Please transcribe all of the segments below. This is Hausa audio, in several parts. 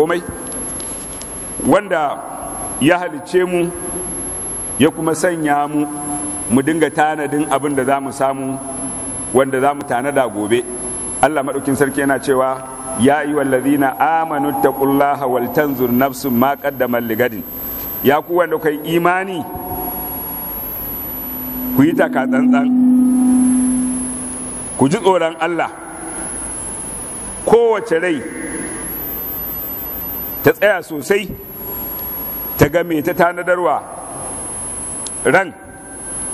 komai wanda ya halicce mu ya kuma sanya mu mu dinga tanadin abin da za mu samu wanda za mu tanada gobe allah maɗaukin sarki yana cewa ya yi na amanu taqullaha wal tanzur nafsun ma ƙaddamar ligadin ya ku wanda kai imani ku yi taka tsantsan ku ji tsoron allah kowace rai ta tsaya sosai ta ga mai ta tanadarwa ran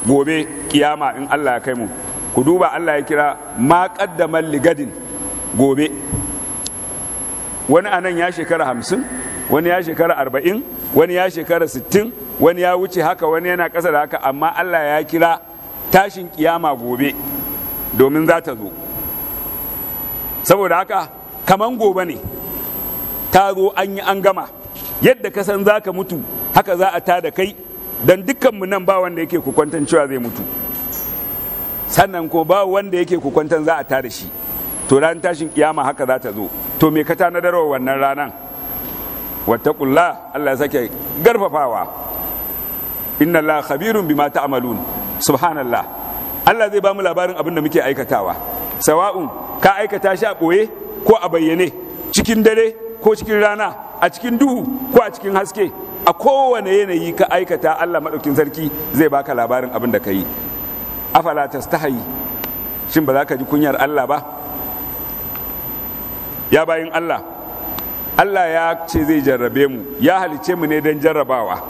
gobe kiyama in Allah ya kai mu ku duba Allah ya kira ma ligadin gobe wani anan ya shekara hamsin wani ya shekara arba'in wani ya shekara sittin wani ya wuce haka wani yana ƙasa da haka amma Allah ya kira tashin kiyama gobe domin za ta zo saboda haka kaman gobe ne taro an yi an gama yadda ka san za ka mutu haka za a tada kai don dukkanmu nan ba wanda yake kukwantan cewa zai mutu sannan ko ba wanda yake kukwantan za a tada shi to ran tashin kiyama haka za ta zo to me ka tanadarwa wannan ranan kula Allah ya sake garfafawa inna Allah khabirun bima ta'malun subhanallah Allah zai ba mu labarin abin da muke aikatawa sawa'un ka aikata shi a ɓoye ko a bayyane cikin dare ko cikin rana a cikin duhu ko a cikin haske a kowane yanayi ka aikata Allah maɗaukin sarki zai baka labarin abin da ka yi afala tastahi shin ba za ka ji kunyar Allah ba ya bayin Allah Allah ya ce zai jarrabe mu ya halice mu ne don jarrabawa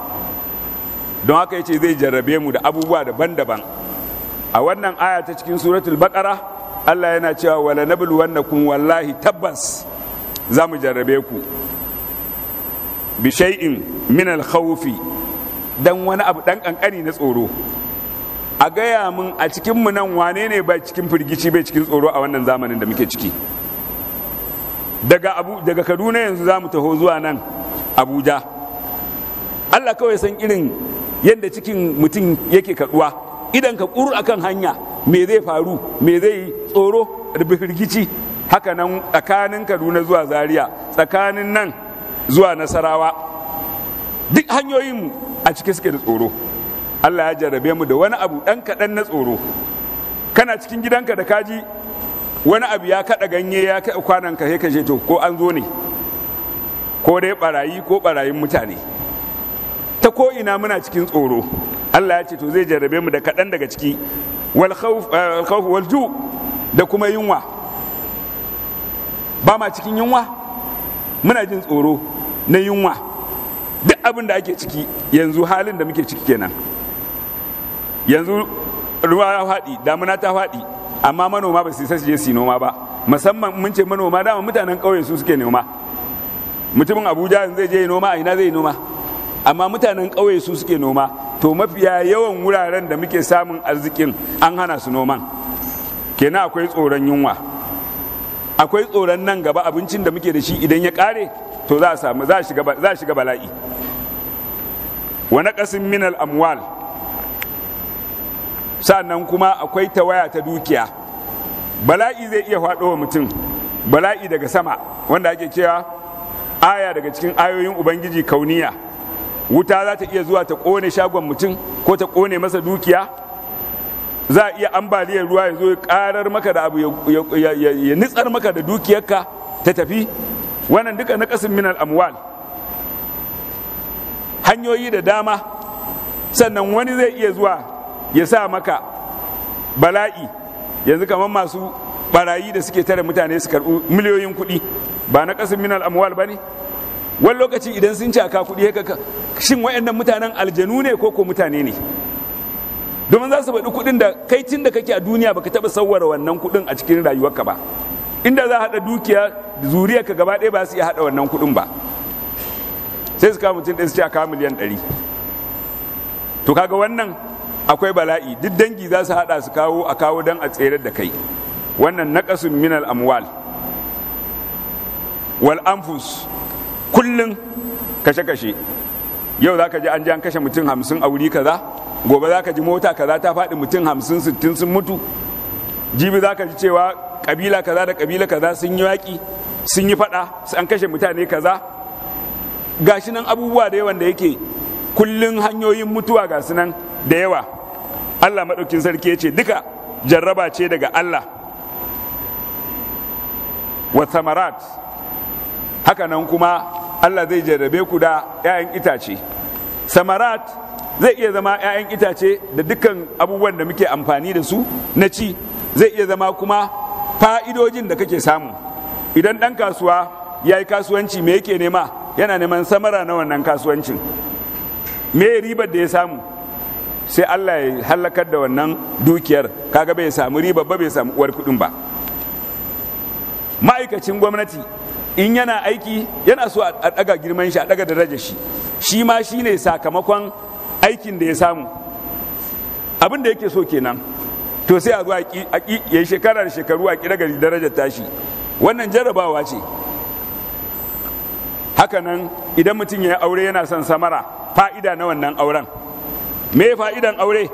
don haka ya ce zai jarrabe mu da abubuwa daban-daban a wannan aya ta cikin suratul baqara Allah yana cewa wala nabluwannakum wallahi tabbas za mu jarrabe ku bishai'in min alkhawfi dan wani abu dan kankani na tsoro a gaya mun a cikin mu nan wane ne ba cikin firgici bai cikin tsoro a wannan zamanin da muke ciki daga abu daga Kaduna yanzu za mu taho zuwa nan Abuja Allah kawai san irin yadda cikin mutum yake kaduwa idan ka kuru akan hanya me zai faru me zai tsoro da firgici haka nan tsakanin kaduna zuwa zaria tsakanin nan zuwa nasarawa duk hanyoyinmu a ciki suke da tsoro allah ya jarrabe mu da wani abu ɗan kaɗan na tsoro kana cikin gidanka da kaji wani abu ya kaɗa ganye ya kaɗa kwanan ka ka to ko an zo ne ko dai barayi ko barayin mutane ta ko ina muna cikin tsoro allah ya ce to zai jarrabe mu da kaɗan daga ciki wal khawf eh, da kuma yunwa ba ma cikin yunwa muna jin tsoro na yunwa duk abin da ake ciki yanzu halin da muke ciki kenan yanzu ruwa ya faɗi damuna ta faɗi amma manoma ba su su je noma ba musamman mun ce manoma dama mutanen ƙauye su suke noma mutumin abuja zai je noma a ina zai noma amma mutanen ƙauye su suke noma to mafiya yawan wuraren da muke samun arzikin an hana su noman kenan akwai tsoron yunwa akwai tsoron nan gaba abincin da muke da shi idan ya kare to za a shiga bala'i wa ƙasin minal amwal sannan kuma akwai ta waya ta dukiya bala'i zai iya faɗo wa mutum bala'i daga sama wanda ake cewa aya daga cikin ayoyin ubangiji kauniya wuta za ta iya zuwa ta ƙone shagon mutum ko ta ƙone masa dukiya za a iya ambaliyar ruwa ya zo ya karar maka da abu ya nitsar maka da dukiyarka ta tafi wannan duka na kasin minal amwal hanyoyi da dama sannan wani zai iya zuwa ya sa maka bala'i yanzu kamar masu barayi da suke tare mutane su karɓi miliyoyin kuɗi ba na kasin minal amwal ba ne wani lokaci idan sun caka kuɗi haka shin waɗannan mutanen aljanu ne ko ko mutane ne domin za su faɗi kuɗin da kai tun da kake a duniya baka taɓa sauwara wannan kuɗin a cikin rayuwarka ba inda za a haɗa dukiya ka gaba ɗaya ba su iya haɗa wannan kuɗin ba sai su kawo mutum ɗin su ce a kawo miliyan ɗari to kaga wannan akwai bala'i duk dangi za su haɗa su kawo a kawo don a tserar da kai wannan naƙasun minal amwal wal anfus kullum kashe-kashe yau za ka ji an ji an kashe mutum hamsin a wuri kaza gobe za ka ji mota kaza ta faɗi mutum hamsin sittin sun mutu jibi za ka ji cewa kabila kaza da kabila kaza sun yi yaƙi sun yi faɗa an kashe mutane kaza shi nan abubuwa da yawan da yake kullun hanyoyin mutuwa ga nan da yawa allah maɗaukin sarki ya ce duka jarraba ce daga allah wa samarat haka nan kuma allah zai jarrabe ku da 'ya'yan itace samarat zai iya zama 'ya'yan itace da dukkan abubuwan da muke amfani da su na ci zai iya zama kuma fa'idojin da kake samu idan ɗan kasuwa ya yi kasuwanci me yake nema yana neman samara na wannan kasuwancin me ribar da ya samu sai allah ya hallakar da wannan dukiyar kaga bai samu riba ba bai samu uwar kuɗin ba ma'aikacin gwamnati in yana aiki yana so a ɗaga girman shi a ɗaga darajar shi shi ma shine sakamakon aikin da ya samu abin da yake so kenan to sai a zo a ya shekara da shekaru a kira gari darajar tashi wannan jarrabawa ce hakanan idan mutum ya aure yana son samara fa'ida na wannan auren me fa'idan aure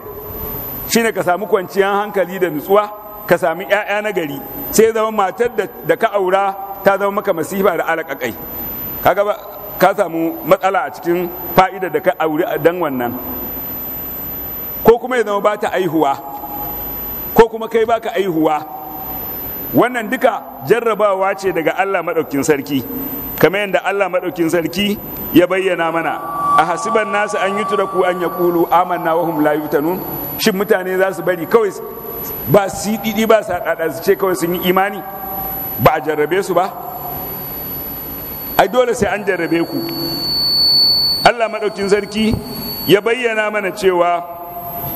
shine ka samu kwanciyar hankali da nutsuwa ka sami 'ya'ya na gari sai zama matar da ka aura ta zama maka masifa da alaƙaƙai kaga ba ka samu matsala a cikin fa'ida da ka auri a dan wannan ko kuma ya zama ba ta aihuwa ko kuma kai baka aihuwa wannan duka jarrabawa ce daga Allah maɗaukin sarki kamar yadda Allah maɗaukin sarki ya bayyana mana a hasiban nasu an yi turaku an ya kulu amanna wa hum la yutanun shin mutane za su bari kawai ba su ba haɗaɗa su ce kawai sun yi imani ba a jarrabe su ba ai dole sai an jarrabe ku Allah maɗaukin sarki ya bayyana mana cewa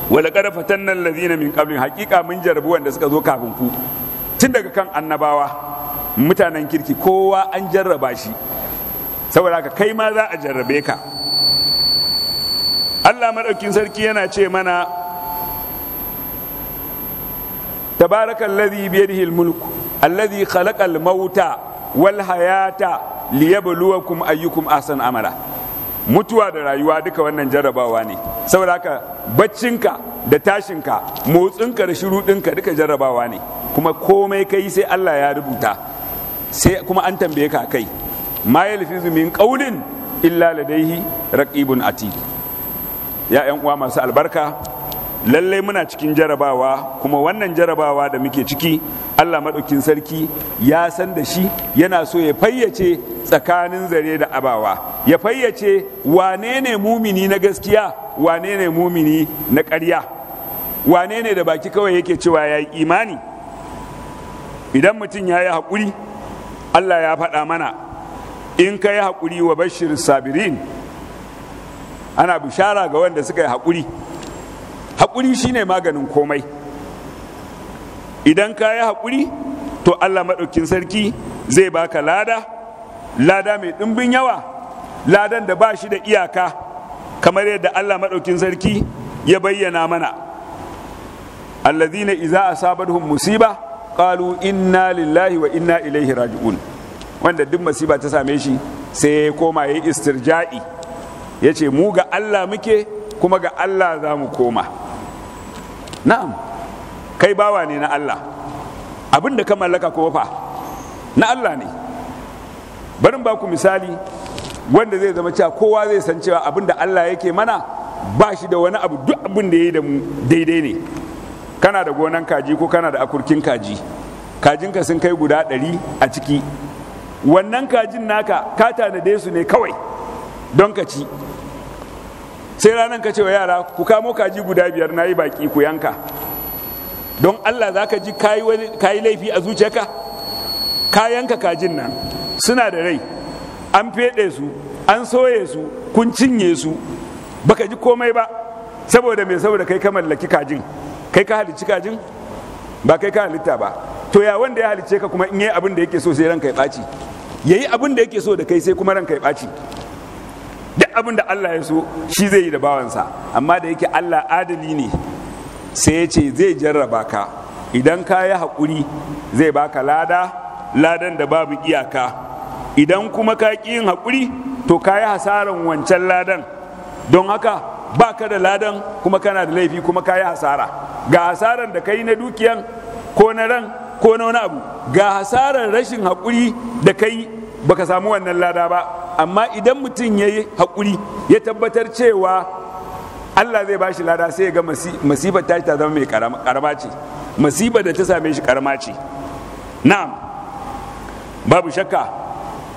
wala qad fatanna alladhina min qablin haqiqa mun jarrabu wanda suka zo kafin ku tun daga kan annabawa mutanen kirki kowa an jarraba shi saboda haka kai ma za a jarrabe ka Allah maɗaukin sarki yana ce mana tabarakal ladhi biyar almulku alladhi khalaqa mauta, wal hayata liyabluwakum ayyukum ahsan amala mutuwa da rayuwa duka wannan jarrabawa ne saboda haka baccinka da tashinka motsinka da shiru ɗinka duka jarrabawa ne kuma komai kai sai Allah ya rubuta sai kuma an tambaye ka kai ma yalfizu min qaulin illa ladaihi raqibun ati. ya ƴan uwa masu albarka lallai muna cikin jarabawa kuma wannan jarabawa da muke ciki Allah maɗaukin sarki ya san da shi yana so ya fayyace tsakanin zare da abawa ya fayyace wane ne mumini na gaskiya wane ne mumini na ƙarya wane ne da baki kawai yake cewa ya yi imani idan mutum ya yi haƙuri Allah ya faɗa mana in ka yi haƙuri wa bashir sabirin ana bishara ga wanda suka yi haƙuri haƙuri shine maganin komai idan ka yi haƙuri to allah maɗaukin sarki zai baka lada lada mai ɗimbin yawa ladan da ba shi da iyaka kamar yadda allah maɗaukin sarki ya bayyana mana allazina iza asabathum musiba qalu inna lillahi wa inna ilaihi raji'un wanda duk masiba ta same shi sai ya koma yayi istirja'i yace mu ga Allah muke kuma ga Allah za mu koma na'am kai bawa ne na Allah abin da ka mallaka ko fa na Allah ne barin ba ku misali wanda zai zama cewa kowa zai san cewa abin da Allah yake mana ba shi da wani abu duk abin da ya yi da mu daidai ne kana da gonan kaji ko kana da akurkin kaji kajinka sun kai guda ɗari a ciki wannan kajin naka ka tanade su ne kawai don ka ci sai ranar ka ce wa yara ku kamo kaji guda biyar na yi baki ku yanka don allah za ka ji kayi laifi a zuciyarka kayanka kajin nan suna da rai an feɗe su an soye su kun cinye su baka ji komai ba saboda mai saboda kai ka mallaki kajin kai ka halicci kajin ba kai ka halitta ba to ya wanda ya halicce ka kuma in yi abin da yake so sai ranka ya ɓaci ya yi abin da yake so da kai sai kuma ranka ya ɓaci duk abin da Allah ya so shi zai yi da bawansa amma da yake Allah adali ne sai ya ce zai jarraba ka idan ka yi haƙuri zai baka lada ladan da babu iyaka idan kuma ka ƙi yin haƙuri to ka yi hasaran wancan ladan don haka ba ka da ladan kuma kana da laifi kuma ka yi hasara ga hasaran da ka yi na dukiyan ko na ran ko na wani abu ga hasaran rashin haƙuri da ka yi baka samu wannan lada ba amma idan mutum ya yi haƙuri ya tabbatar cewa Allah zai bashi lada sai ya ga masibar ta ta zama mai karama ce masibar da ta same shi karama ce na'am babu shakka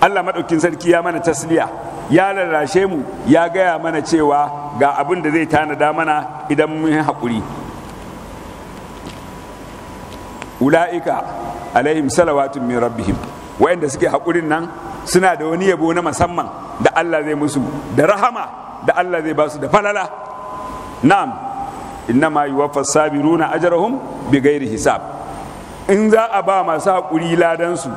Allah maɗaukin sarki ya mana tasliya ya lalashe mu ya gaya mana cewa ga abin da zai tanada mana idan mun yi haƙuri ula'ika alaihim salawatun min rabbihim wa'anda suke haƙurin nan suna da wani yabo na musamman da Allah zai musu da rahama da Allah zai ba su da falala na'am innama yuwaffa sabiruna ajrahum bighairi hisab in za a ba masu haƙuri ladansu,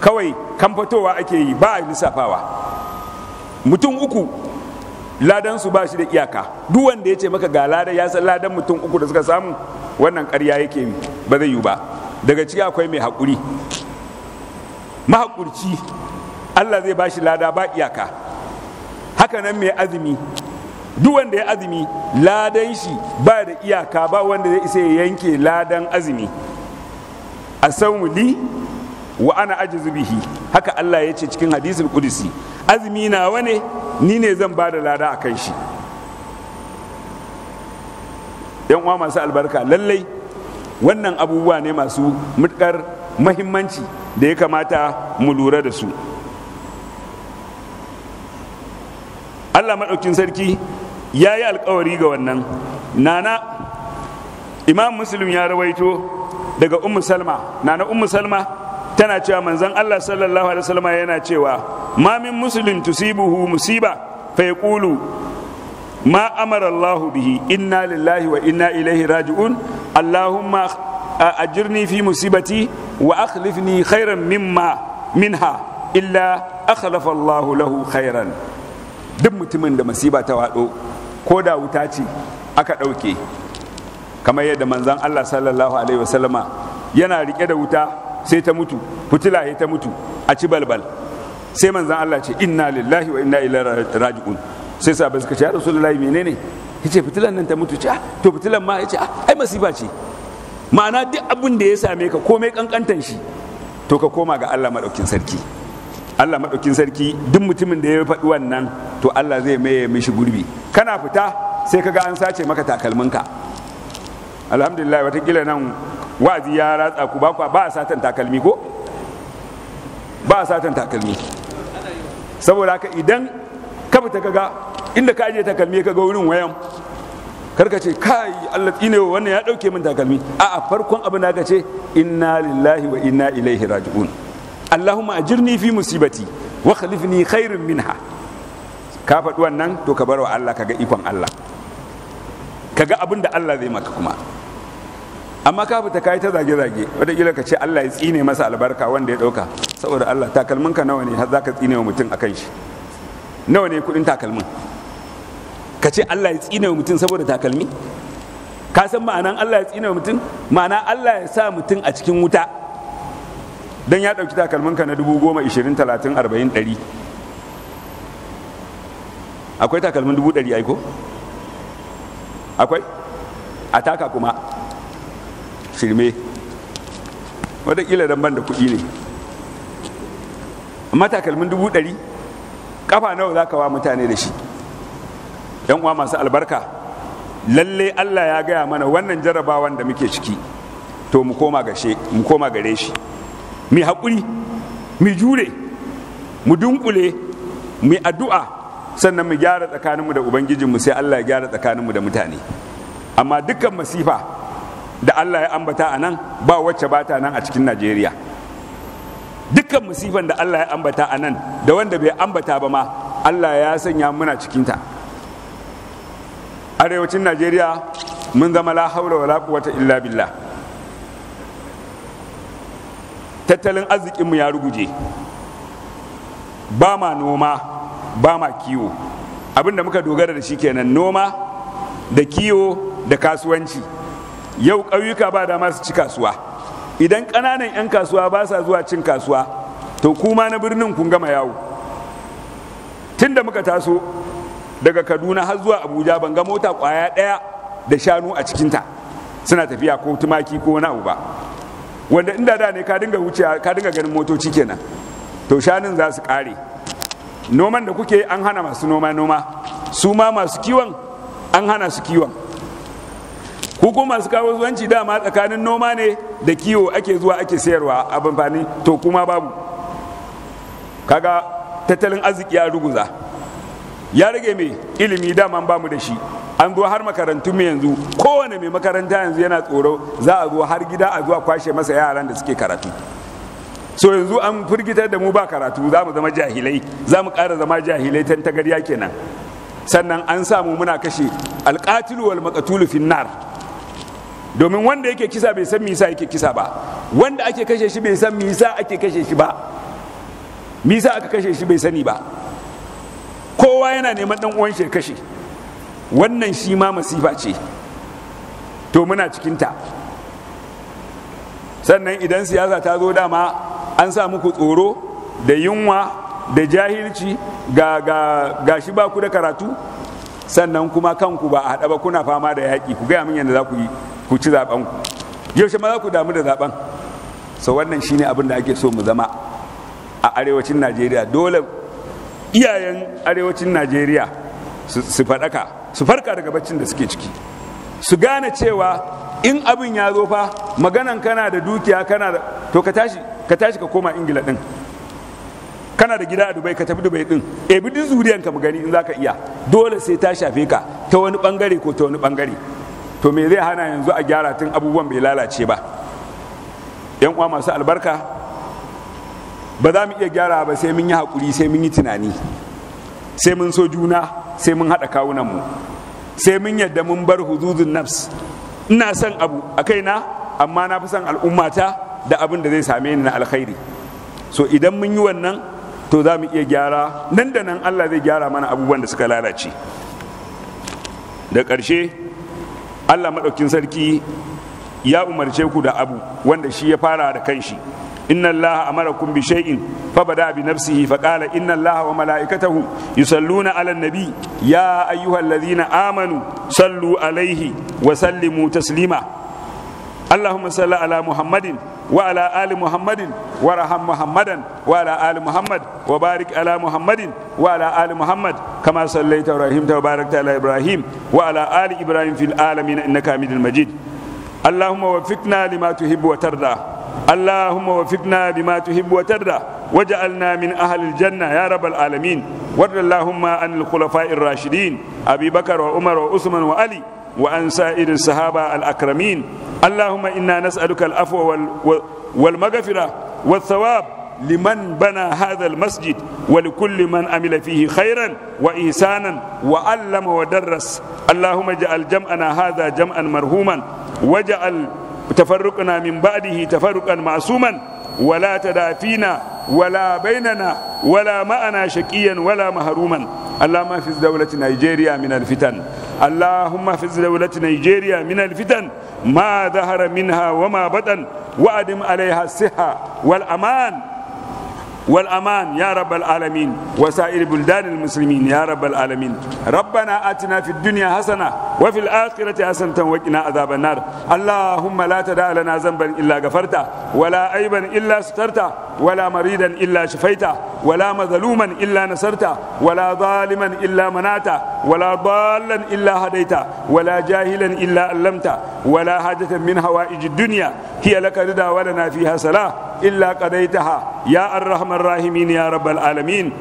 kawai kan fitowa ake yi ba a lissafawa mutum uku ladansu ba shi da iyaka duk wanda ya ce maka ga ladan ya san ladan mutum uku da suka samu wannan ƙarya yake yi ba zai yi ba daga ciki akwai mai haƙuri mahaƙurci Allah zai ba shi lada ba iyaka haka nan mai azumi duk wanda ya azumi ladan shi ba da iyaka ba wanda zai isa ya yanke ladan azumi a li wa ana aji zubihi haka Allah ya ce cikin hadisul kudisi azumi nawa ne ni ne zan ba da lada a kan shi yan uwa masu albarka lallai wannan abubuwa ne masu mutkar mahimmanci da ya kamata mu lura da su Allah maɗaukin sarki ya yi alkawari ga wannan nana imam muslim ya rawaito daga ummu salma nana ummu salma tana cewa manzon allah sallallahu alaihi wasallam yana cewa ma min muslim tusibuhu musiba fa yaqulu ma amara allah bihi inna lillahi wa inna ilaihi raji'un allahumma ajirni fi musibati wa akhlifni khairan mimma minha illa akhlafa allah lahu khairan duk mutumin da masiba ta wado ko da wuta ce aka ɗauke kamar yadda manzan Allah sallallahu alaihi wasallama yana rike da wuta sai ta mutu fitila sai ta mutu a ci balbal sai manzan Allah ce inna lillahi wa inna ilaihi raji'un sai sahabbai suka ce ya rasulullahi menene yace fitilan nan ta mutu ce ah, to fitilan ma yace ah, ai masifa ce ma'ana duk abin da ya same ka komai kankantan shi to ka koma ga Allah madaukin sarki Allah madaukin sarki duk mutumin da ya faɗi wannan to Allah zai maye mishi gurbi kana fita sai kaga an sace maka takalminka alhamdulillah watakila nan wazi ya ratsa ku ba ba a satan takalmi ko ba a satan takalmi saboda haka idan ka fita kaga inda ka aje takalmi kaga wurin wayan karka ce kai Allah tsine wa wannan ya dauke min takalmi a a farkon abin da ce inna lillahi wa inna ilaihi raji'un Allahumma ajirni fi musibati wa khalifni khairin minha ka faɗi wannan to ka bar wa Allah ka ga ikon Allah Ka ga abin da Allah zai maka kuma amma ka fita kai ta zage-zage wataƙila ka ce Allah ya tsine masa albarka wanda ya ɗauka saboda Allah takalmin ka nawa ne har za ka tsine wa mutum a kan shi nawa ne kuɗin takalmin ka ce Allah ya tsine wa mutum saboda takalmi ka san ma'anan Allah ya tsine wa mutum ma'ana Allah ya sa mutum a cikin wuta Dan ya ɗauki ka na dubu goma ishirin talatin arba'in ɗari akwai takalmin dubu ɗari aiko akwai a taka kuma shirme watakila don ban da kuɗi ne amma takalmin dubu ɗari ƙafa nawa za ka wa mutane da shi yan uwa masu albarka lalle allah ya gaya mana wannan jarabawan da muke ciki to mu koma mu koma gare shi mu haƙuri mu jure mu dunkule mu addu'a sannan mu gyara tsakaninmu da ubangijinmu sai Allah ya gyara tsakaninmu da mutane amma dukkan masifa da Allah ya ambata a nan ba wacce ba ta nan a cikin Najeriya dukkan masifan da Allah ya ambata a nan da wanda bai ambata ba ma Allah ya sanya muna cikinta arewacin Najeriya mun zama la haula wala quwwata illa billah tattalin arzikinmu ya ruguje ba ma noma ba ma kiwo abinda muka dogara da shi kenan noma da kiwo da kasuwanci yau ƙauyuka ba dama su ci kasuwa idan ƙananan 'yan kasuwa ba sa zuwa cin kasuwa to kuma na birnin kun gama yawo tun da muka taso daga kaduna har zuwa abuja ban ga mota kwaya ɗaya da shanu a cikinta suna tafiya ko tumaki ko wani abu ba wanda inda da ne ka dinga wucewa ka dinga ganin motoci kenan to shanun za su ƙare noman da kuke an hana masu noma noma su ma masu kiwon an hana su kiwon ku masu kawo zuwanci dama tsakanin noma ne da kiwo ake zuwa ake sayarwa a amfani to kuma babu kaga tattalin arziki ya ruguza ya rage mai ilimi dama ba mu da shi an zo har makarantu mai yanzu kowane mai makaranta yanzu yana tsoro za a zo har gida a zuwa kwashe masa yaran da suke karatu so yanzu an firgitar da mu ba karatu za mu zama jahilai za mu ƙara zama jahilai tan tagarya kenan sannan an samu muna kashe alƙatilu wal maqtulu finnar domin wanda yake kisa bai san misa yake kisa ba wanda ake kashe shi bai san misa ake kashe shi ba misa aka kashe shi bai sani ba kowa yana neman dan uwan shi kashe wannan shi ma masifa ce to muna cikinta sannan idan siyasa ta zo dama an sa muku tsoro da yunwa da jahilci ga, ga, shi ba ku da karatu sannan kuma kanku ba a haɗa ba kuna fama da yaki ku gaya min yadda za ku ku ci zaɓen ku yaushe ma za ku damu da zaɓen so wannan shine abin da ake so mu zama a arewacin najeriya dole iyayen arewacin najeriya su faɗaka su farka daga baccin da suke ciki su gane cewa in abin ya zo fa maganan kana da dukiya kana da to ka tashi ka tashi ka koma ingila din kana da gida a dubai ka tafi dubai din ebi bi zuriyan ka gani in zaka iya dole sai ta shafe ka ta wani bangare ko ta wani bangare to me zai hana yanzu a gyara tun abubuwan bai lalace ba yan uwa masu albarka ba za mu iya gyara ba sai mun yi hakuri sai mun yi tunani sai mun so juna sai mun haɗa kawunan mu sai mun yadda mun bar huzuzun nafs ina son abu a kaina amma na fi son al'ummata da abin da zai same ni na alkhairi so idan mun yi wannan to za mu iya gyara nan da nan Allah zai gyara mana abubuwan da suka lalace da ƙarshe Allah maɗaukin sarki ya umarce ku da abu wanda shi ya fara da kanshi inna allaha amarakum bi shay'in fa bada bi nafsihi fa qala inna allaha wa malaikatahu yusalluna ala nabi ya ayyuhalladhina amanu sallu alaihi wa sallimu taslima اللهم صل على محمد وعلى آل محمد وارحم محمدا وعلى آل محمد وبارك على محمد وعلى آل محمد كما صليت ورحمت وباركت على إبراهيم وعلى آل إبراهيم في العالمين إنك حميد مجيد اللهم وفقنا لما تحب وترضى اللهم وفقنا لما تحب وترضى وجعلنا من أهل الجنة يا رب العالمين وارض اللهم عن الخلفاء الراشدين أبي بكر وعمر وعثمان وعلي وعن سائر الصحابة الأكرمين اللهم إنا نسألك العفو والمغفرة والثواب لمن بنى هذا المسجد ولكل من عمل فيه خيرا وإحسانا وعلم ودرس اللهم اجعل جمعنا هذا جمعا مرهوما واجعل تفرقنا من بعده تفرقا معصوما ولا تدع فينا ولا بيننا ولا معنا شقيا ولا مهروما اللهم في دولة نيجيريا من الفتن اللهم في دولة نيجيريا من الفتن ما ظهر منها وما بطن وأدم عليها الصحة والأمان والأمان يا رب العالمين وسائر بلدان المسلمين يا رب العالمين ربنا آتنا في الدنيا حسنة وفي الآخرة حسنة وقنا عذاب النار اللهم لا تدع لنا ذنبا إلا غفرته ولا عيبا إلا سترته ولا مريدا إلا شفيته ولا مظلوما إلا نصرته ولا ظالما إلا مناته ولا ضالا إلا هديته ولا جاهلا إلا علمته ولا حاجة من هوائج الدنيا هي لك رضا ولنا فيها سلام إلا قضيتها يا الرحمن الراحمين يا رب العالمين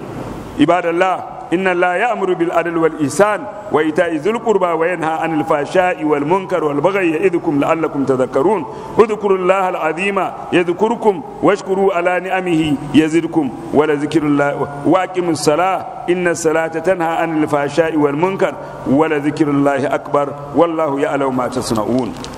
عباد الله إن الله يأمر بالعدل والإحسان وإيتاء ذي القربى وينهى عن الفحشاء والمنكر والبغي يعظكم لعلكم تذكرون اذكروا الله العظيم يذكركم واشكروا على نعمه يزدكم ولذكر الله واقيموا الصلاة إن الصلاة تنهى عن الفحشاء والمنكر ولذكر الله أكبر والله يعلم ما تصنعون